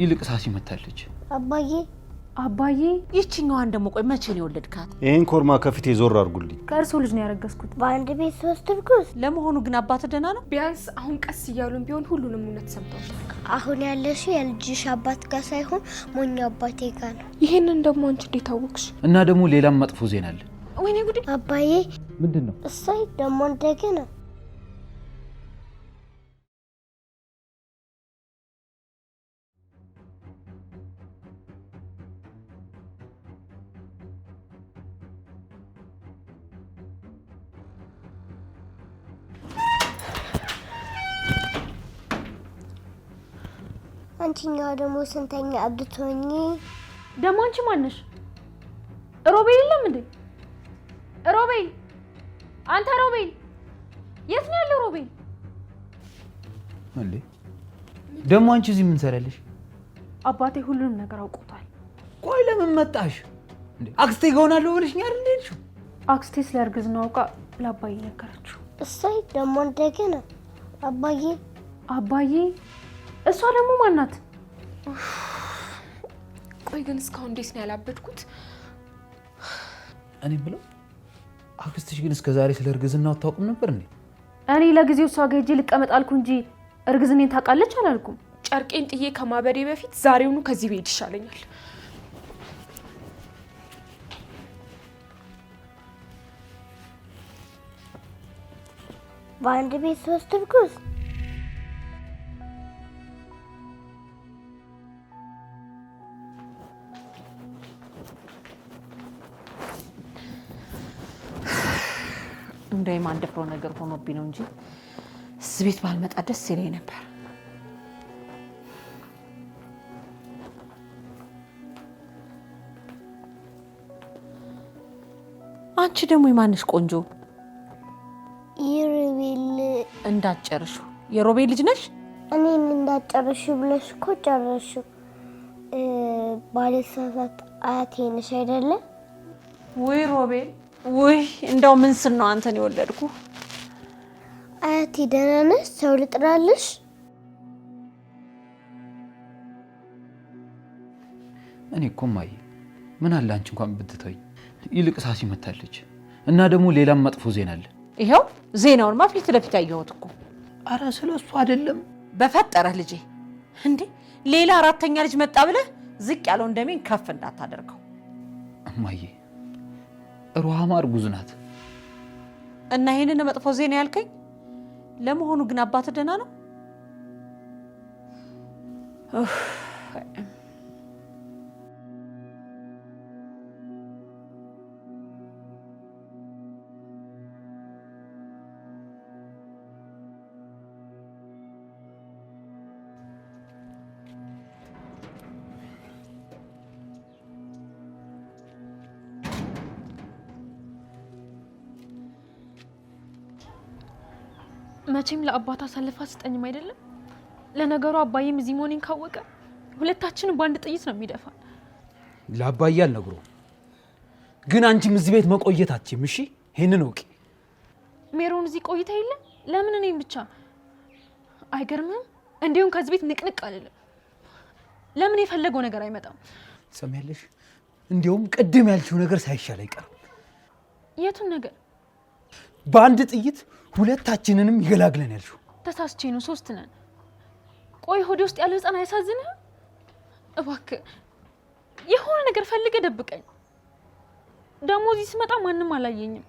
ይልቅ ሳሲ መታለች። አባዬ አባዬ፣ ይችኛዋን ደግሞ ቆይ መቼ ነው የወለድካት? ይህን ኮርማ ከፊቴ ዞር አድርጉልኝ። ከእርሶ ልጅ ነው ያረገዝኩት። በአንድ ቤት ሶስት እርጉዝ። ለመሆኑ ግን አባት ደህና ነው? ቢያንስ አሁን ቀስ እያሉን ቢሆን ሁሉንም እውነት ሰምተውታል። አሁን ያለሽ የልጅሽ አባት ጋር ሳይሆን ሞኛ አባቴ ጋር ነው። ይህንን ደግሞ አንቺ እንዴት እና ደግሞ ሌላም መጥፎ ዜና አለ። ወይኔ ጉድ አባዬ ምንድን ነው? እሰይ ደግሞ እንደገና አንቺኛዋ ደግሞ ስንተኛ እብድትሆኚ ደግሞ አንቺ ማነሽ? ሮቤል የለም እንዴ? ሮቤል አንተ ሮቤል የት ነው ያለው? ሮቤል እንዴ ደግሞ አንቺ እዚህ ምን ሰራለሽ? አባቴ ሁሉንም ነገር አውቆታል። ቆይ ለምን መጣሽ? አክስቴ ገሆናለሁ ብለሽኝ አይደል እንዴ? አክስቴ ስለ እርግዝና አውቃ ለአባዬ ነገረችው። እሰይ ደግሞ እንደገና አባዬ አባዬ እሷ ደግሞ ማናት? ቆይ ግን እስካሁን እንዴት ነው ያላበድኩት? እኔ ብለው አክስትሽ ግን እስከዛሬ ስለ እርግዝና አታውቅም ነበር እንዴ? እኔ ለጊዜው እሷ ጋር ሄጄ ልቀመጥ አልኩ እንጂ እርግዝኔን ታውቃለች አላልኩም። ጨርቄን ጥዬ ከማበዴ በፊት ዛሬውኑ ከዚህ ብሄድ ይሻለኛል። በአንድ ቤት ሶስት እርጉዝ እንዳይ ማንደፍረው ነገር ሆኖብኝ ነው እንጂ እዚህ ቤት ባልመጣ ደስ ይለኝ ነበር። አንቺ ደግሞ የማንሽ ቆንጆ የሮቤል እንዳጨርሹ የሮቤል ልጅ ነሽ። እኔም እንዳጨርሹ ብለሽ እኮ ጨርሹ። ባለሳሳት አያቴ ነሽ አይደለ ወይ ሮቤል? ውይ እንደው ምን ስል ነው አንተን የወለድኩ። አያቴ ደህና ነሽ? ሰው ልጥራልሽ? እኔ እኮ እማዬ ምን አለ አንቺ እንኳን ብትተኝ፣ ይልቅ ሳሲ መታለች እና ደግሞ ሌላም መጥፎ ዜና አለ። ይኸው ዜናውንማ ፊት ለፊት አየሁት እኮ። አረ ስለ እሱ አይደለም። በፈጠረህ ልጄ እንዴ ሌላ አራተኛ ልጅ መጣ ብለህ ዝቅ ያለውን ደሜን ከፍ እንዳታደርገው እማዬ ሩሃማ እርጉዝ ናት እና ይህንን መጥፎ ዜና ያልከኝ ለመሆኑ ግን አባት ደህና ነው? መቼም ለአባት አሳልፋ ስጠኝም አይደለም። ለነገሩ አባዬም እዚህ መሆኔን ካወቀ ሁለታችንም በአንድ ጥይት ነው የሚደፋል። ለአባዬ አልነግሮ፣ ግን አንቺም እዚህ ቤት መቆየታችም እሺ፣ ይህንን እውቂ። ሜሮን እዚህ ቆይታ የለ ለምን እኔም ብቻ አይገርምም? እንዲሁም ከዚህ ቤት ንቅንቅ አልልም። ለምን የፈለገው ነገር አይመጣም። ትሰሚያለሽ? እንዲሁም ቅድም ያልችው ነገር ሳይሻል አይቀርም። የቱን ነገር? በአንድ ጥይት ሁለታችንንም ይገላግለን ያልሽው? ተሳስቼ ነው። ሶስት ነን። ቆይ ሆዴ ውስጥ ያለ ህፃን አያሳዝንህ? እባክህ የሆነ ነገር ፈልገ ደብቀኝ። ደግሞ እዚህ ስመጣ ማንም አላየኝም፣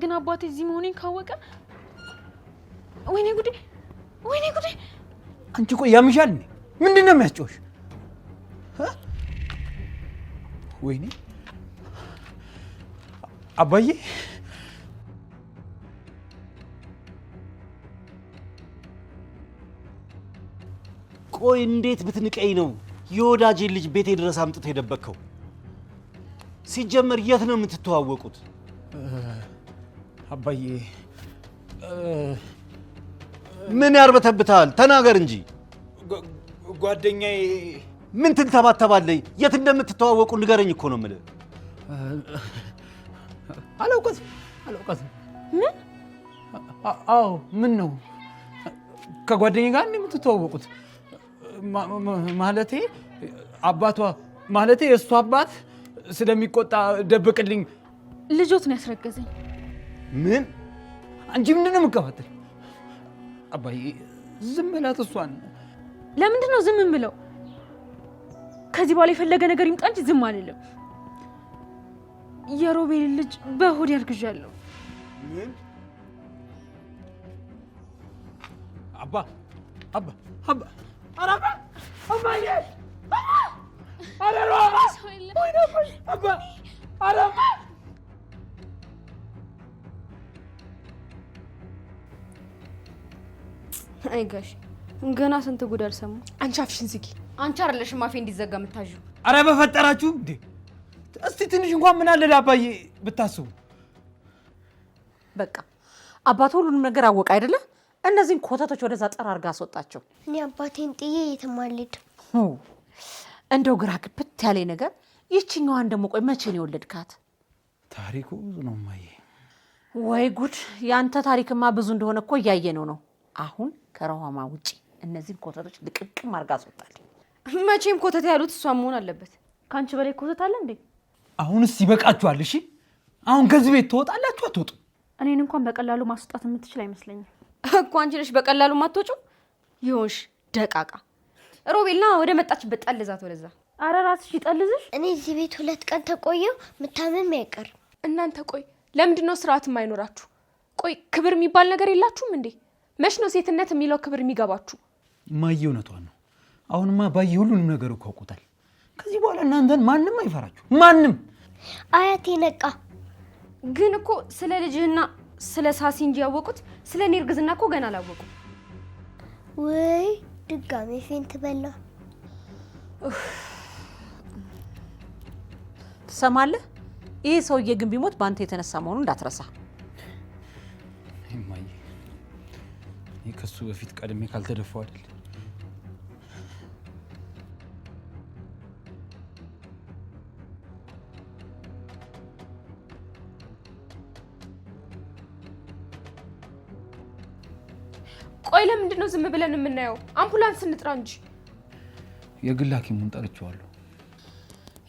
ግን አባቴ እዚህ መሆኔን ካወቀ ወይኔ ጉዴ፣ ወይኔ ጉዴ። አንቺ ቆይ ያምሻል እንዴ? ምንድን ነው የሚያስጨውሽ? ወይኔ አባዬ ቆይ እንዴት ብትንቀኝ ነው የወዳጅ ልጅ ቤቴ ድረስ አምጥቶ የደበቅከው? ሲጀመር የት ነው የምትተዋወቁት? አባዬ ምን ያርበተብታል? ተናገር እንጂ ጓደኛዬ። ምን ትንተባተባለኝ? የት እንደምትተዋወቁ ንገረኝ እኮ ነው የምልህ። አላውቀትም አላውቀትም። ምን? አዎ ምን ነው ከጓደኛ ጋር እንደምትተዋወቁት? ማለቴ አባቷ ማለቴ የእሱ አባት ስለሚቆጣ ደብቅልኝ። ልጆት ነው ያስረገዘኝ። ምን? አንቺ ምንድን ነው የምትከፋተል? አባዬ ዝም እሷን ለምንድን ነው ዝም ብለው? ከዚህ በኋላ የፈለገ ነገር ይምጣ እንጂ ዝም አልልም። የሮቤል ልጅ በሆድ ያርግዣለሁ። ምን? አባ አባ አባ አይ ገና ስንት ጉድ አልሰማ። አንቺ አፍሽን ዝጊ። አንቺ አይደለሽም አፌ እንዲዘጋ የምታዥው። አረ በፈጠራችሁ እንዴ! እስቲ ትንሽ እንኳን ምን አለ ለአባዬ ብታስቡ። በቃ አባት ሁሉንም ነገር አወቀ አይደለም እነዚህን ኮተቶች ወደዛ ጠራ አርጋ አስወጣቸው። እኔ አባቴን ጥዬ የትም እንደው ግራ ግብት ያለ ነገር ይችኛዋን ደግሞ ቆይ መቼ ነው የወለድካት? ታሪኩ ብዙ ነው እማዬ። ወይ ጉድ! የአንተ ታሪክማ ብዙ እንደሆነ እኮ እያየ ነው ነው። አሁን ከረሃማ ውጪ እነዚህን ኮተቶች ልቅቅም አርጋ አስወጣል። መቼም ኮተት ያሉት እሷ መሆን አለበት። ከአንቺ በላይ ኮተት አለ እንዴ? አሁንስ ይበቃችኋል። እሺ አሁን ከዚህ ቤት ትወጣላችሁ አትወጡ? እኔን እንኳን በቀላሉ ማስወጣት የምትችል አይመስለኝም። እኮ አንቺ ነሽ በቀላሉ ማትወጪ ይሆንሽ ደቃቃ ሮቤልና ወደ መጣችበት ጠልዛት ወደዛ። አረ ራስሽ ይጠልዝሽ። እኔ እዚህ ቤት ሁለት ቀን ተቆየው ምታምም አይቀርም። እናንተ ቆይ ለምንድን ነው ስርዓት የማይኖራችሁ? ቆይ ክብር የሚባል ነገር የላችሁም እንዴ? መች ነው ሴትነት የሚለው ክብር የሚገባችሁ? ማየ እውነቷን ነው። አሁንማ ባየ ሁሉንም ነገር እኮ አውቁታል። ከዚህ በኋላ እናንተን ማንም አይፈራችሁ። ማንም አያቴ ነቃ። ግን እኮ ስለ ልጅህና ስለ ሳሲ እንጂ ያወቁት ስለ እኔ እርግዝና እኮ ገና አላወቁም። ወይ ድጋሜ ፌንት በላ። ትሰማለህ? ይህ ሰውዬ ግን ቢሞት በአንተ የተነሳ መሆኑን እንዳትረሳ። ከሱ በፊት ቀድሜ ካልተደፋው አይደል ለምንድን ነው ዝም ብለን የምናየው? አምቡላንስ እንጥራ እንጂ። የግል ሐኪሙን ጠርቼዋለሁ።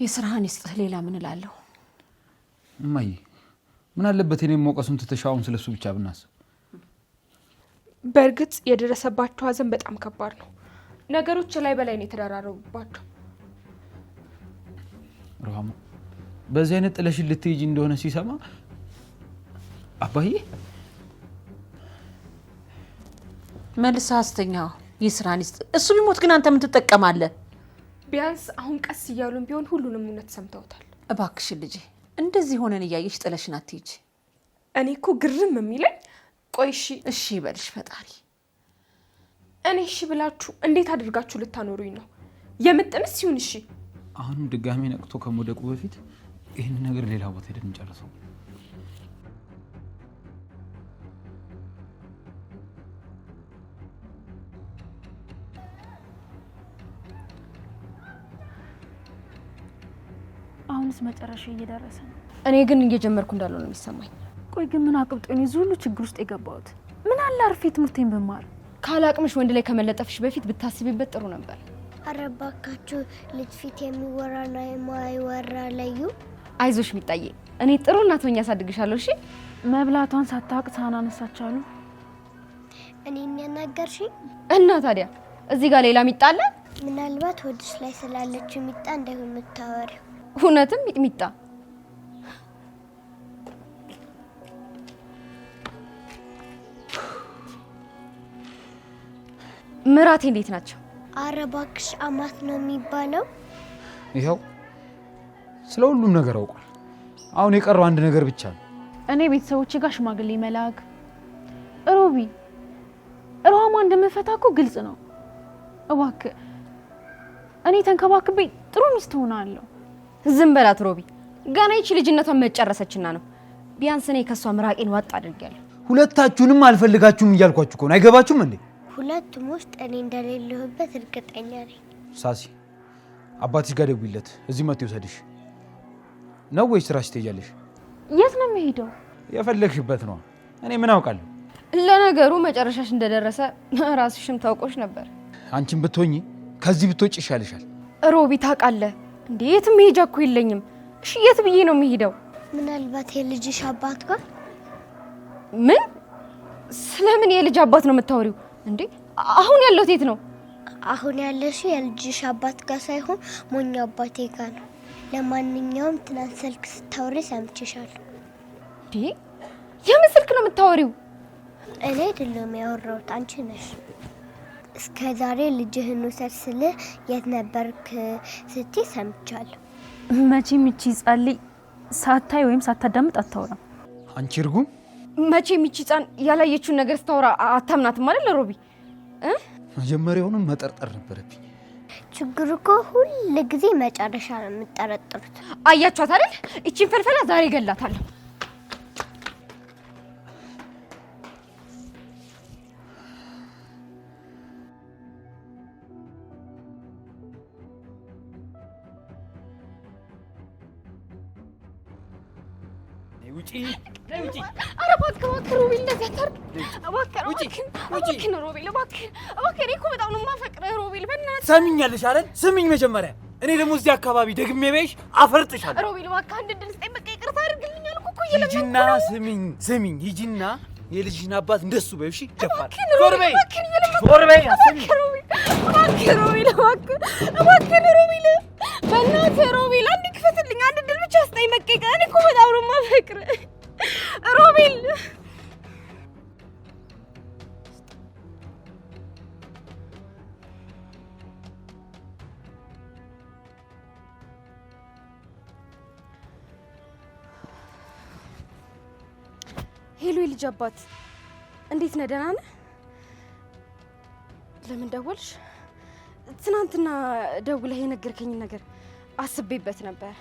የስራህን ይስጥህ። ሌላ ምን እላለሁ? እማዬ ምን አለበት እኔም መውቀሱን ትተሻውን ስለሱ ብቻ ብናስብ። በእርግጥ የደረሰባቸው ሀዘን በጣም ከባድ ነው። ነገሮች ላይ በላይ ነው የተደራረቡባቸው። ሩሃማ በዚህ አይነት ጥለሽን ልትሄጂ እንደሆነ ሲሰማ አባዬ መልስ አስተኛ። ይስራን ይስጥ። እሱ ቢሞት ግን አንተ ምን ትጠቀማለህ? ቢያንስ አሁን ቀስ እያሉን ቢሆን ሁሉንም እውነት ሰምተውታል። እባክሽን ልጄ፣ እንደዚህ ሆነን እያየሽ ጥለሽን አትሄጂ። እኔ እኮ ግርም የሚለኝ ቆይ እሺ እሺ ይበልሽ ፈጣሪ። እኔ እሺ ብላችሁ እንዴት አድርጋችሁ ልታኖሩኝ ነው? የምጥምስ ይሁን እሺ። አሁንም ድጋሜ ነቅቶ ከመውደቁ በፊት ይህን ነገር ሌላ ቦታ ሄደን እንጨርሰው። አሁንስ መጨረሻ እየደረሰ ነው። እኔ ግን እየጀመርኩ እንዳለው ነው የሚሰማኝ። ቆይ ግን ምን አቅብጦ እኔ ሁሉ ችግር ውስጥ የገባሁት? ምን አለ አርፌ ትምህርቴን ብማር። ካላቅምሽ ወንድ ላይ ከመለጠፍሽ በፊት ብታስቢበት ጥሩ ነበር። አረባካችሁ ልጅ ፊት የሚወራና የማይወራ ለዩ። አይዞሽ ሚጣዬ፣ እኔ ጥሩ እናት ሆኜ አሳድግሻለሁ። እሺ። መብላቷን ሳታውቅ ሳህን አነሳቻሉ። እኔ የሚያናገርሽኝ እና ታዲያ እዚህ ጋር ሌላ ሚጣ አለ። ምናልባት ወድሽ ላይ ስላለችው ሚጣ እንዳይሆን የምታወሪው እውነትም ሚጥሚጣ ምራቴ እንዴት ናቸው? አረ እባክሽ አማት ነው የሚባለው። ይኸው ስለ ሁሉም ነገር አውቋል። አሁን የቀረው አንድ ነገር ብቻ ነው። እኔ ቤተሰቦቼ ጋር ሽማግሌ መላክ። ሮቢ ሮሃማ እንደምፈታ እኮ ግልጽ ነው። እባክህ እኔ ተንከባክቤ ጥሩ ሚስት ሆናለሁ። ዝም በላት ሮቢ። ገና ይቺ ልጅነቷን መጨረሰችና ነው። ቢያንስ እኔ ከእሷ ምራቄን ዋጥ አድርጊያለሁ። ሁለታችሁንም አልፈልጋችሁም እያልኳችሁ ከሆነ አይገባችሁም እንዴ? ሁለቱም ውስጥ እኔ እንደሌለሁበት እርግጠኛ ነኝ። ሳሲ አባትሽ ጋር ደውይለት፣ እዚህ መጥቶ ይውሰድሽ። ነው ወይስ ስራሽ ትሄጃለሽ? የት ነው የሚሄደው? የፈለግሽበት ነው። እኔ ምን አውቃለሁ። ለነገሩ መጨረሻሽ እንደደረሰ ራስሽም ታውቆሽ ነበር። አንቺም ብትሆኚ ከዚህ ብትወጪ ይሻልሻል። ሮቢ ታውቃለህ እንዴት መሄጃ እኮ የለኝም። እሺ የት ብዬ ነው የምሄደው? ምናልባት የልጅሽ አባት ጋር። ምን? ስለምን የልጅ አባት ነው የምታወሪው? እንዴ አሁን ያለሁት የት ነው? አሁን ሲ የልጅሽ አባት ጋር ሳይሆን ሞኝ አባቴ ጋር ነው። ለማንኛውም ትናንት ስልክ ስታወሪ ሰምቼሻለሁ። የምን ስልክ ነው የምታወሪው? እኔ አይደለሁም ያወራሁት፣ አንቺ ነሽ። እስከ ዛሬ ልጅህን ውሰድ ስልህ የት ነበርክ ስትይ ሰምቻለሁ። መቼም ይቺ ጻሊ ሳታይ ወይም ሳታዳምጥ አታውራም። አንቺ እርጉም መቼም ይቺ ህፃን ያላየችውን ነገር ስታወራ አታምናትም አይደል ሮቢ? መጀመሪያውንም መጠርጠር ነበረብኝ። ችግሩ እኮ ሁል ጊዜ መጨረሻ ነው የምጠረጥሩት። አያችኋት አይደል? ይቺን ፈልፈላ ዛሬ ገላታለሁ። ውጪ ውጪ! ኧረ እባክህ እባክህ ሮቤል እንደዚህ አታድርግ እባክህ እኮ በጣም ነው የማፈቅርህ ሮቤል በእናትህ። ሰሚኛለሽ አይደል? ስሚኝ መጀመሪያ እኔ ደግሞ እዚህ አካባቢ ደግሜ በይሽ አፈርጥሻለሁ። ሮቤል እባክህ አንድ እድል ስጠኝ በቃ ይቅርታ አድርግልኝ አልኩህ እኮ ሂጂና ስሚኝ ስሚኝ ሂጂና የልጅሽን አባት እንደሱ በይው። እሺ ይገባል። ዞር በይ እባክህ ሮቤል እባክህ ሮቤል በእናትህ ሮቤል አንድ አይ በቃ እኔ እኮ በጣም ነው የማፈቅርህ ሮቤል። ሄሎ የልጅ አባት እንዴት ነህ? ደህና ነህ? ለምን ደወልሽ? ትናንትና ደውለህ የነገርከኝን ነገር አስቤበት ነበር።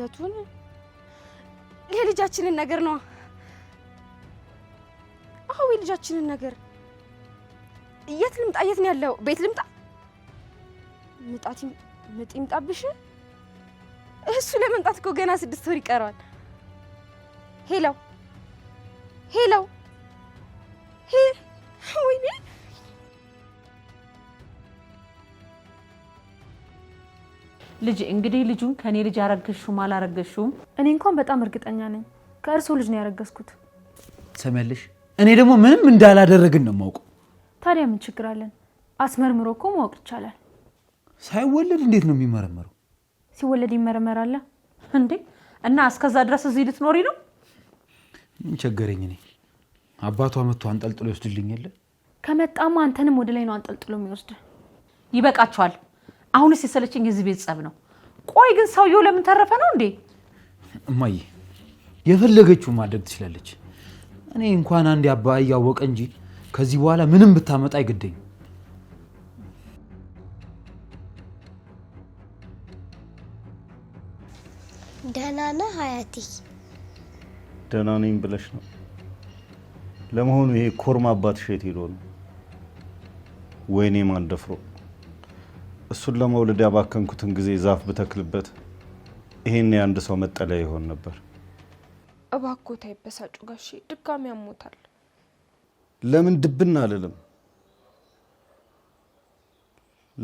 የቱን? የልጃችንን ነገር ነው አዎ የልጃችንን ነገር። የት ልምጣ? የት ነው ያለው? ቤት ልምጣ? ምጥ ይምጣብሽ። እሱ ለመምጣት እኮ ገና ስድስት ወር ይቀረዋል። ሄለው ሄለው ልጅ እንግዲህ ልጁን ከእኔ ልጅ አረገሽውም አላረገሽውም እኔ እንኳን በጣም እርግጠኛ ነኝ ከእርሶ ልጅ ነው ያረገዝኩት። ሰመልሽ፣ እኔ ደግሞ ምንም እንዳላደረግን ነው ማውቁ። ታዲያ ምን ችግር አለን? አስመርምሮ እኮ ማወቅ ይቻላል። ሳይወለድ እንዴት ነው የሚመረመረው? ሲወለድ ይመረመራል እንዴ? እና እስከዛ ድረስ እዚህ ልትኖሪ ነው? ምን ቸገረኝ እኔ። አባቷ መጥቶ አንጠልጥሎ ይወስድልኝ የለ? ከመጣማ አንተንም ወደ ላይ ነው አንጠልጥሎ የሚወስድ። ይበቃቸዋል አሁንስ የሰለችኝ የዚህ ቤት ጸብ ነው። ቆይ ግን ሰውየው ለምን ተረፈ ነው እንዴ? እማዬ የፈለገችው ማድረግ ትችላለች። እኔ እንኳን አንድ አባ እያወቀ እንጂ ከዚህ በኋላ ምንም ብታመጣ አይገደኝ። ደህና ነህ አያቴ? ደህና ነኝ ብለሽ ነው? ለመሆኑ ይሄ ኮርማ አባት ሸት ሄዶ ነው? ወይኔ ማን ደፍሮ እሱን ለመውለድ ያባከንኩትን ጊዜ ዛፍ ብተክልበት ይሄን የአንድ ሰው መጠለያ ይሆን ነበር። እባኮታ ይበሳጩ ጋሼ፣ ድጋሚ ያሞታል። ለምን ድብና አልልም።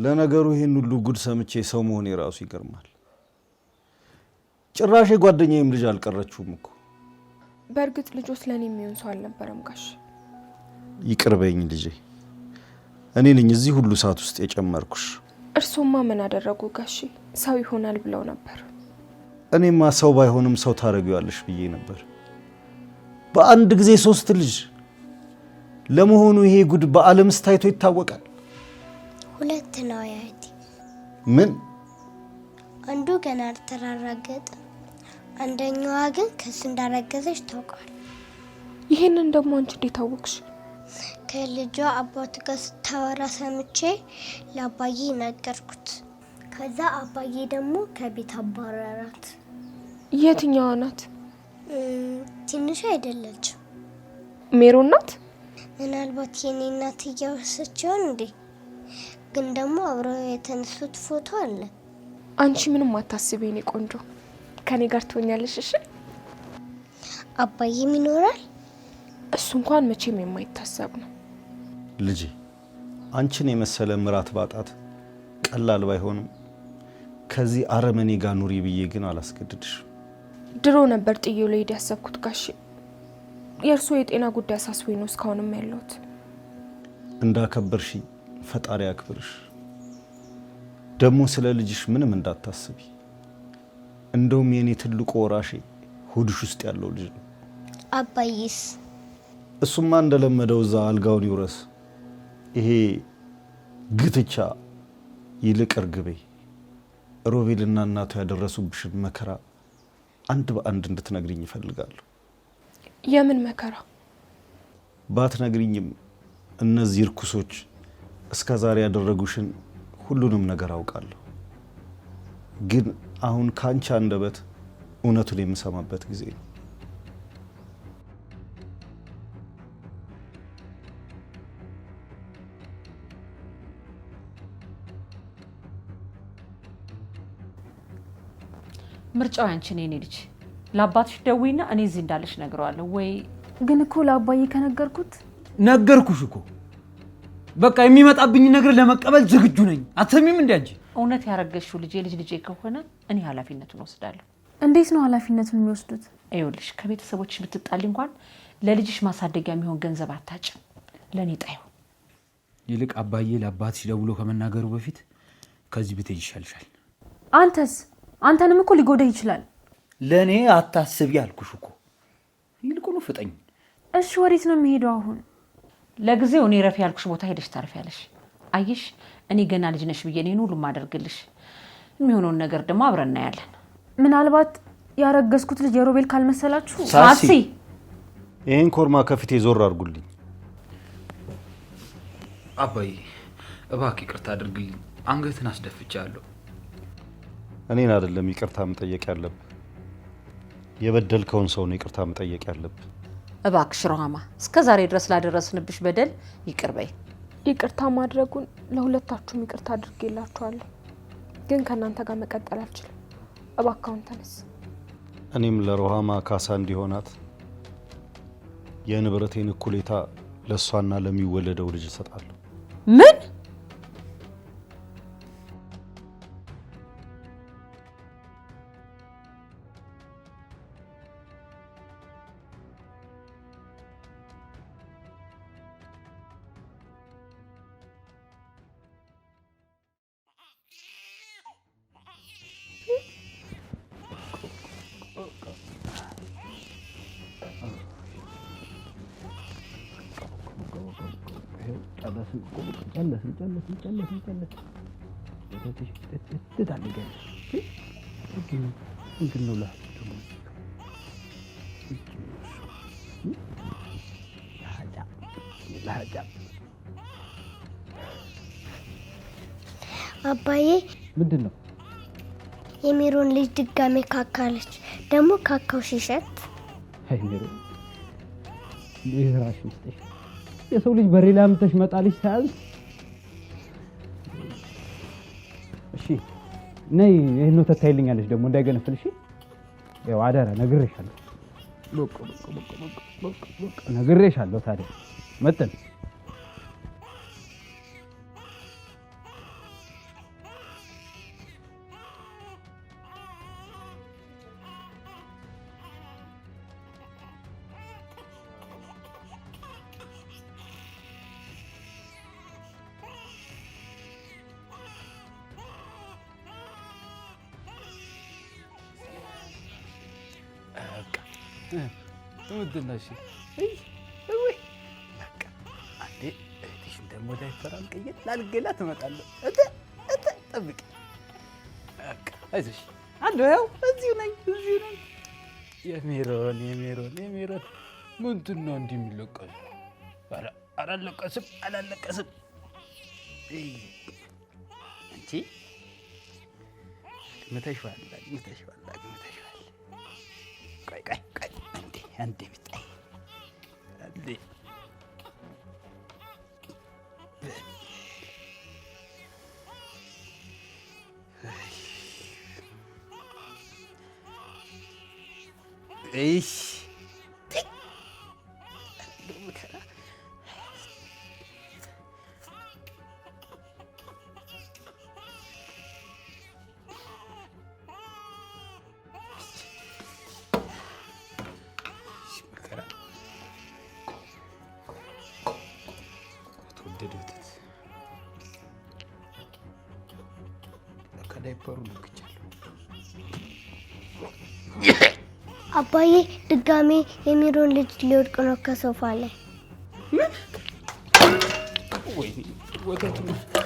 ለነገሩ ይሄን ሁሉ ጉድ ሰምቼ ሰው መሆን የራሱ ይገርማል። ጭራሽ ጓደኛዬም ልጅ አልቀረችውም እኮ። በእርግጥ ልጆች ለእኔ የሚሆን ሰው አልነበረም ጋሼ። ይቅር ልጄ፣ እኔ ነኝ እዚህ ሁሉ ሰዓት ውስጥ የጨመርኩሽ። እርሶማ ምን አደረጉ ጋሺ ሰው ይሆናል ብለው ነበር። እኔማ ሰው ባይሆንም ሰው ታደርጊዋለሽ ብዬ ነበር። በአንድ ጊዜ ሶስት ልጅ ለመሆኑ ይሄ ጉድ በዓለምስ ታይቶ ይታወቃል? ሁለት ነው ያቲ። ምን? አንዱ ገና አልተራረገጠም። አንደኛዋ ግን ከሱ እንዳረገዘች ታውቋል ይህንን ደግሞ አንቺ እንዴት ታወቅሽ? ከልጇ አባት ጋር ስታወራ ሰምቼ ለአባዬ ነገርኩት። ከዛ አባዬ ደግሞ ከቤት አባረራት። የትኛዋ ናት? ትንሹ አይደለችም። ሜሮ ናት። ምናልባት የኔ እናት እያወሰችው እንዴ? ግን ደግሞ አብረው የተነሱት ፎቶ አለ። አንቺ ምንም አታስቢ የኔ ቆንጆ፣ ከኔ ጋር ትሆኛለሽ። እሺ አባዬም ይኖራል እሱ እንኳን መቼም የማይታሰብ ነው። ልጄ አንቺን የመሰለ ምራት ባጣት ቀላል ባይሆንም ከዚህ አረመኔ ጋር ኑሪ ብዬ ግን አላስገድድሽ። ድሮ ነበር ጥዬው ልሄድ ያሰብኩት ጋሼ። የእርስዎ የጤና ጉዳይ አሳስቦኝ ነው እስካሁንም ያለሁት። እንዳከበርሽ ፈጣሪ አክብርሽ። ደግሞ ስለ ልጅሽ ምንም እንዳታስቢ። እንደውም የእኔ ትልቁ ወራሼ ሆድሽ ውስጥ ያለው ልጅ ነው። አባዬስ እሱማ እንደለመደው እዛ አልጋውን ይውረስ። ይሄ ግትቻ ይልቅ እርግቤ ሮቤልና እናቱ ያደረሱብሽን መከራ አንድ በአንድ እንድትነግሪኝ ይፈልጋሉ። የምን መከራ? ባትነግሪኝም እነዚህ እርኩሶች እስከ ዛሬ ያደረጉሽን ሁሉንም ነገር አውቃለሁ። ግን አሁን ከአንቺ አንደበት እውነቱን የምሰማበት ጊዜ ነው። ምርጫው ያንቺ ነው የኔ ልጅ። ለአባትሽ ደውይና እኔ እዚህ እንዳለሽ ነግረዋለሁ። ወይ ግን እኮ ለአባዬ ከነገርኩት ነገርኩሽ እኮ በቃ የሚመጣብኝ ነገር ለመቀበል ዝግጁ ነኝ። አትሰሚም እንዲ አንቺ? እውነት ያረገሽው ልጅ ልጅ ልጄ ከሆነ እኔ ኃላፊነቱን ወስዳለሁ። እንዴት ነው ኃላፊነቱን የሚወስዱት? ይኸውልሽ ከቤተሰቦች ብትጣል እንኳን ለልጅሽ ማሳደጊያ የሚሆን ገንዘብ አታጭም። ለእኔ ጣዩ ይልቅ አባዬ ለአባትሽ ደውሎ ከመናገሩ በፊት ከዚህ ብትሄጂ ይሻልሻል። አንተስ አንተንም እኮ ሊጎዳ ይችላል። ለእኔ አታስቢ አልኩሽ እኮ። ይልቁኑ ፍጠኝ። እሺ፣ ወዴት ነው የሚሄደው አሁን? ለጊዜው እኔ ረፊ ያልኩሽ ቦታ ሄደሽ ታርፊያለሽ። አየሽ፣ እኔ ገና ልጅ ነሽ ብዬ እኔን ሁሉ ማደርግልሽ። የሚሆነውን ነገር ደግሞ አብረን እናያለን። ምናልባት ያረገዝኩት ልጅ የሮቤል ካልመሰላችሁ። ሳሲ፣ ይህን ኮርማ ከፊቴ ዞር አድርጉልኝ። አባዬ፣ እባክህ ይቅርታ አድርግልኝ። አንገትን አስደፍቻለሁ። እኔን አይደለም ይቅርታ መጠየቅ ያለብ፣ የበደልከውን ሰው ነው ይቅርታ መጠየቅ ያለብ። እባክሽ ሮሃማ፣ እስከ ዛሬ ድረስ ላደረስንብሽ በደል ይቅር በይ። ይቅርታ ማድረጉን ለሁለታችሁም ይቅርታ አድርጌላችኋለሁ፣ ግን ከእናንተ ጋር መቀጠል አልችልም። እባካሁን ተነስ። እኔም ለሮሃማ ካሳ እንዲሆናት የንብረቴን እኩሌታ ለእሷና ለሚወለደው ልጅ እሰጣለሁ። ምን አባዬ ምንድን ነው የሚሮን ልጅ ድጋሜ ካካለች። ደግሞ ካካው ሲሸት የሰው ልጅ በሬ ላምተሽ መጣልሽ ሳያንስ። እሺ ነይ፣ ይህን ወተት ታይልኛለሽ ደግሞ እሺ ያው አደራ ነግሬሻለሁ፣ ነግሬሻለሁ። ታዲያ መጥን ውድ ነው። አንዴ እህትሽን ደግሞ ዳይፐር አልቀየር ላልገላት እመጣለሁ። ጠብቂ፣ አይዞሽ። አንዱ ይኸው እዚሁ ነኝ፣ እዚሁ ነኝ። የሜሮን የሜሮን የሜሮን ምንድን ነው እንዲህ የሚለቀሱ? አላለቀስም፣ አላለቀስም አንቺ Andy bir tane. Andy. Ey. ዳይፐሩ ነክቻለሁ። አባዬ ድጋሜ የሚሮን ልጅ ሊወድቅ ነው ከሶፋ ላይ። ወይኔ ወተቱን